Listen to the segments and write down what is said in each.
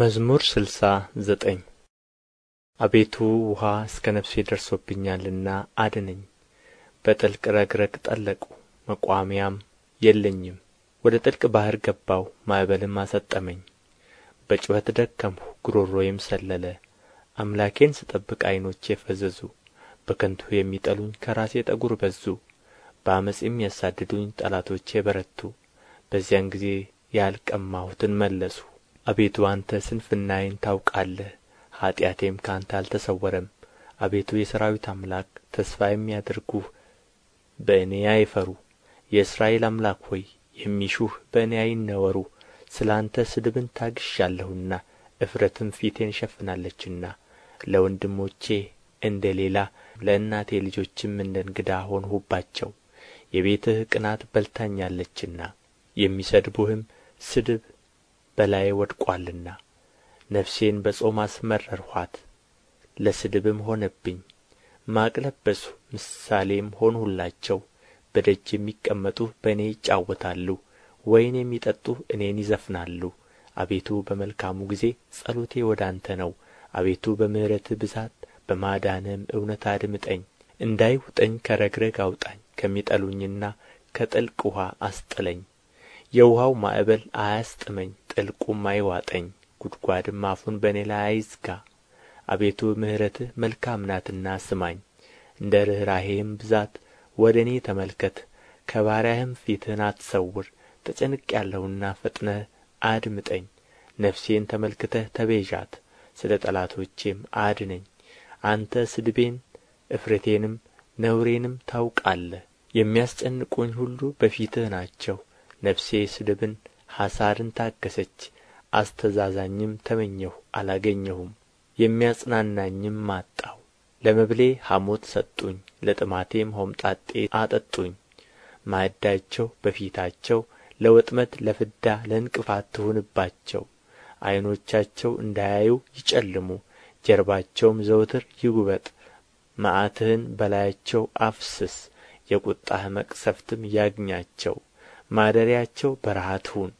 መዝሙር ስልሳ ዘጠኝ አቤቱ ውኃ እስከ ነፍሴ ደርሶብኛልና አድነኝ። በጥልቅ ረግረግ ጠለቁ፣ መቋሚያም የለኝም። ወደ ጥልቅ ባሕር ገባሁ፣ ማዕበልም አሰጠመኝ። በጩኸት ደከምሁ፣ ጉሮሮዬም ሰለለ። አምላኬን ስጠብቅ ዐይኖቼ ፈዘዙ። በከንቱ የሚጠሉኝ ከራሴ ጠጉር በዙ። በአመፅ የሚያሳድዱኝ ጠላቶቼ በረቱ። በዚያን ጊዜ ያልቀማሁትን መለሱ። አቤቱ አንተ ስንፍናዬን ታውቃለህ ኃጢአቴም ከአንተ አልተሰወረም አቤቱ የሠራዊት አምላክ ተስፋ የሚያደርጉህ በእኔ አይፈሩ የእስራኤል አምላክ ሆይ የሚሹህ በእኔ አይነወሩ ስለ አንተ ስድብን ታግሻለሁና እፍረትም ፊቴን ሸፍናለችና ለወንድሞቼ እንደ ሌላ ለእናቴ ልጆችም እንደ እንግዳ ሆንሁባቸው የቤትህ ቅናት በልታኛለችና የሚሰድቡህም ስድብ በላዬ ወድቆአልና ነፍሴን በጾም አስመረርኋት ለስድብም ሆነብኝ ማቅ ለበስሁ ምሳሌም ሆንሁላቸው በደጅ የሚቀመጡ በእኔ ይጫወታሉ ወይን የሚጠጡ እኔን ይዘፍናሉ አቤቱ በመልካሙ ጊዜ ጸሎቴ ወደ አንተ ነው አቤቱ በምሕረትህ ብዛት በማዳንህም እውነት አድምጠኝ እንዳይውጠኝ ከረግረግ አውጣኝ ከሚጠሉኝና ከጥልቅ ውኃ አስጥለኝ የውኃው ማዕበል አያስጥመኝ ጥልቁም አይዋጠኝ ጕድጓድም አፉን በእኔ ላይ አይዝጋ አቤቱ ምሕረትህ መልካም ናትና ስማኝ እንደ ርኅራኄህም ብዛት ወደ እኔ ተመልከት ከባሪያህም ፊትህን አትሰውር ተጨንቅ ያለውና ፈጥነህ አድምጠኝ ነፍሴን ተመልክተህ ተቤዣት ስለ ጠላቶቼም አድነኝ አንተ ስድቤን እፍረቴንም ነውሬንም ታውቃለህ የሚያስጨንቁኝ ሁሉ በፊትህ ናቸው ነፍሴ ስድብን ኃሣርን ታገሰች አስተዛዛኝም ተመኘሁ አላገኘሁም የሚያጽናናኝም አጣሁ ለመብሌ ሐሞት ሰጡኝ ለጥማቴም ሆምጣጤ አጠጡኝ ማዕዳቸው በፊታቸው ለወጥመድ ለፍዳ ለእንቅፋት ትሁንባቸው ዐይኖቻቸው እንዳያዩ ይጨልሙ ጀርባቸውም ዘውትር ይጉበጥ መዓትህን በላያቸው አፍስስ የቁጣህ መቅሰፍትም ያግኛቸው ማደሪያቸው በረሃ ትሁን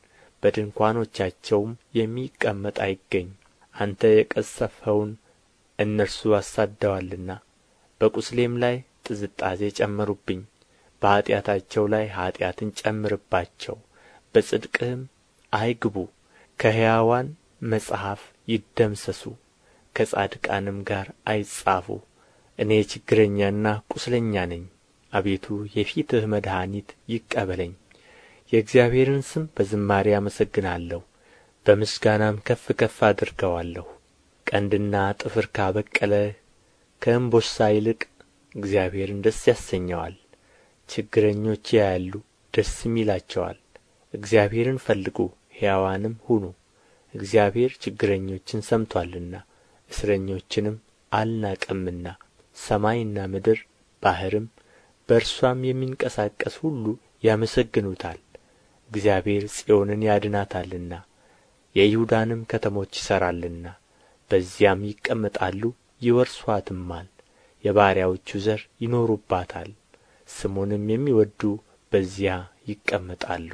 በድንኳኖቻቸውም የሚቀመጥ አይገኝ አንተ የቀሰፈውን እነርሱ አሳደዋልና በቁስሌም ላይ ጥዝጣዜ ጨመሩብኝ በኃጢአታቸው ላይ ኃጢአትን ጨምርባቸው በጽድቅህም አይግቡ ከሕያዋን መጽሐፍ ይደምሰሱ ከጻድቃንም ጋር አይጻፉ እኔ ችግረኛና ቁስለኛ ነኝ አቤቱ የፊትህ መድኃኒት ይቀበለኝ የእግዚአብሔርን ስም በዝማሬ አመሰግናለሁ በምስጋናም ከፍ ከፍ አድርገዋለሁ። ቀንድና ጥፍር ካበቀለ ከእምቦሳ ይልቅ እግዚአብሔርን ደስ ያሰኘዋል። ችግረኞች ያያሉ ደስም ይላቸዋል። እግዚአብሔርን ፈልጉ ሕያዋንም ሁኑ። እግዚአብሔር ችግረኞችን ሰምቶአልና እስረኞችንም አልናቀምና። ሰማይና ምድር ባሕርም በእርሷም የሚንቀሳቀስ ሁሉ ያመሰግኑታል። እግዚአብሔር ጽዮንን ያድናታልና የይሁዳንም ከተሞች ይሠራልና በዚያም ይቀመጣሉ ይወርሱአትማል የባሪያዎቹ ዘር ይኖሩባታል ስሙንም የሚወድዱ በዚያ ይቀመጣሉ